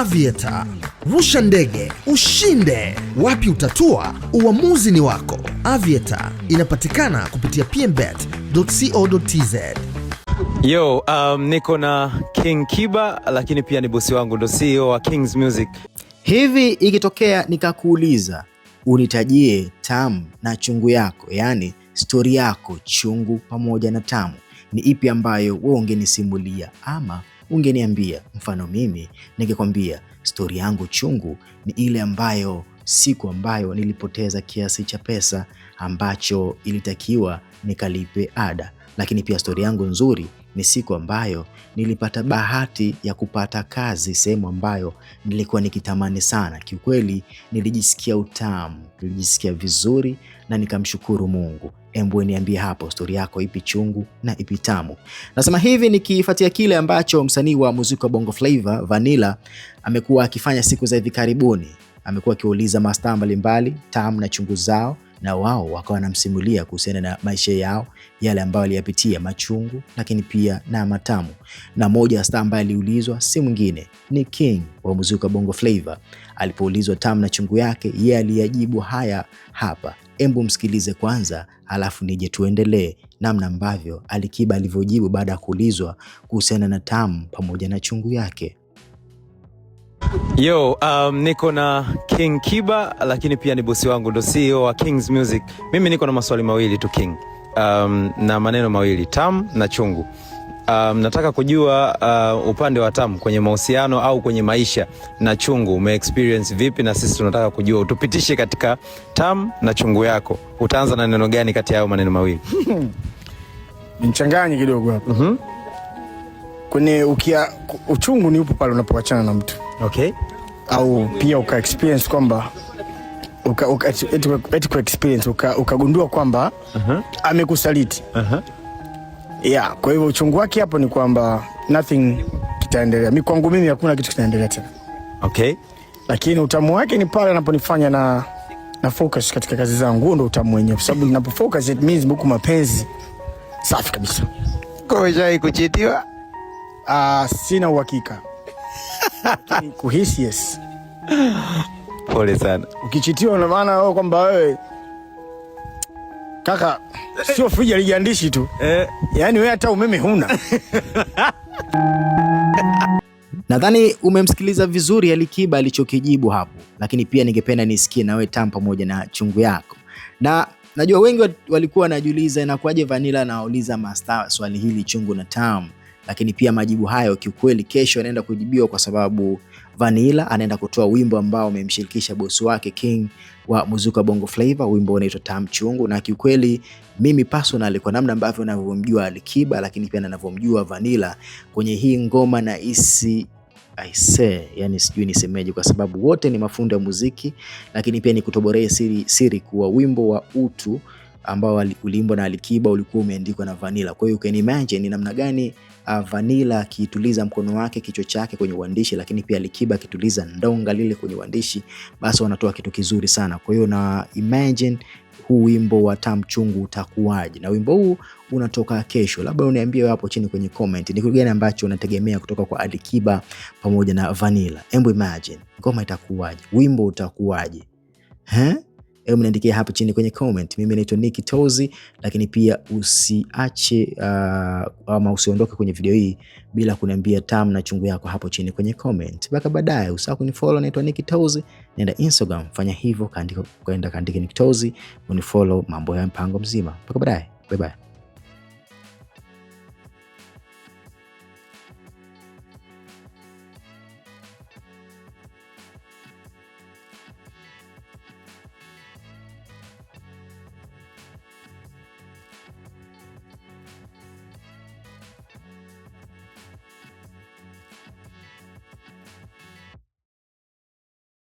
Aviator. Rusha ndege ushinde. Wapi utatua? Uamuzi ni wako. Aviator inapatikana kupitia pmbet.co.tz. Yo, um, niko na King Kiba lakini pia ni bosi wangu, ndo CEO wa Kings Music. Hivi ikitokea nikakuuliza unitajie tamu na chungu yako, yaani stori yako chungu pamoja na tamu, ni ipi ambayo wewe ungenisimulia ama ungeniambia. Mfano mimi ningekwambia stori yangu chungu ni ile ambayo siku ambayo nilipoteza kiasi cha pesa ambacho ilitakiwa nikalipe ada, lakini pia stori yangu nzuri ni siku ambayo nilipata bahati ya kupata kazi sehemu ambayo nilikuwa nikitamani sana. Kiukweli nilijisikia utamu, nilijisikia vizuri na nikamshukuru Mungu. Embu niambie hapo stori yako ipi chungu na ipi tamu? Nasema hivi nikifuatia kile ambacho msanii wa muziki wa Bongo Flava Vanilla amekuwa akifanya siku za hivi karibuni. Amekuwa akiuliza mastaa mbalimbali tamu na chungu zao na wao wakawa wanamsimulia kuhusiana na maisha yao yale ambayo aliyapitia, machungu lakini pia na matamu. Na moja ya staa ambaye aliulizwa si mwingine ni King wa muziki wa Bongo Flava. Alipoulizwa tamu na chungu yake, yeye aliyajibu haya hapa. Embu msikilize kwanza, alafu nije tuendelee namna ambavyo Alikiba alivyojibu baada ya kuulizwa kuhusiana na tamu pamoja na chungu yake. Yo, um, niko na King Kiba lakini pia ni bosi wangu ndo CEO wa Kings Music. Mimi niko na maswali mawili tu King. Um, na maneno mawili tam na chungu. Um, nataka kujua uh, upande wa tamu kwenye mahusiano au kwenye maisha na chungu ume experience vipi, na sisi tunataka kujua utupitishe katika tam na chungu yako. Utaanza na neno gani kati ya hayo maneno mawili? Nichanganye kidogo hapa. Mhm. Mm, kwenye uchungu ni upo pale unapoachana na mtu okay, au pia uka experience kwamba uka, uka, eti eti, kwa experience ukagundua uka kwamba uh -huh. amekusaliti uh -huh. yeah, kwa hivyo uchungu wake hapo ni kwamba nothing kitaendelea. mi kwangu mimi hakuna kitu kinaendelea tena okay, lakini utamu wake ni pale anaponifanya na na focus katika kazi zangu, huo ndo utamu wenyewe, kwa sababu ninapo focus it means huko mapenzi safi kabisa. Kwa hiyo kuchitiwa, ah, sina uhakika kuhisi yes. Pole sana ukichitiwa, na maana wewe kwamba wewe kaka sio friji alijandishi tu eh, yaani wewe hata umeme huna. Nadhani umemsikiliza vizuri Alikiba alichokijibu hapo, lakini pia ningependa nisikie na wewe Tam pamoja na chungu yako, na najua wengi walikuwa wanajiuliza inakuwaje vanila anawauliza mastaa swali hili Chungu na tamu lakini pia majibu hayo kiukweli kesho yanaenda kujibiwa kwa sababu Vanilla anaenda kutoa wimbo ambao amemshirikisha bosi wake King wa Muzuka Bongo Flava, wimbo unaitwa Tam Chungu, na kiukweli mimi personally kwa namna ambavyo ninavyomjua Alikiba, lakini pia ninavyomjua Vanilla kwenye hii ngoma na isi Aise, yani sijui nisemeje, kwa sababu wote ni mafundo ya muziki, lakini pia ni kutoborea siri, siri kuwa wimbo wa utu ambao uliimbwa na Alikiba ulikuwa umeandikwa na Vanilla. Kwa hiyo you can imagine ni namna gani uh, Vanilla akituliza mkono wake kichwa chake kwenye uandishi, lakini pia Alikiba akituliza ndonga lile kwenye uandishi, basi wanatoa kitu kizuri sana. Kwa hiyo na imagine huu wimbo wa Tamu Chungu utakuwaje? Na wimbo huu unatoka kesho, labda uniambie hapo chini kwenye comment, ni kitu gani ambacho unategemea kutoka kwa Alikiba pamoja na Vanilla. Hebu imagine ngoma itakuwaje, wimbo utakuwaje? He? hebu niandikia hapo chini kwenye comment. Mimi naitwa Nick Tozi, lakini pia usiache uh, ama usiondoke kwenye video hii bila kuniambia tamu na chungu yako hapo chini kwenye comment. Mpaka baadaye, usahau kunifollow, naitwa Nick Tozi, nenda Instagram, fanya hivyo, kaandika kaandika Nick Tozi, unifollow, mambo ya mpango mzima. Mpaka baadaye, bye bye.